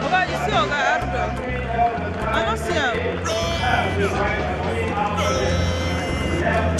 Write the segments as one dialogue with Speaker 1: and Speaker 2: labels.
Speaker 1: Nobody see Oga Ardo. I don't see him.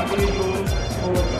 Speaker 1: Thank you.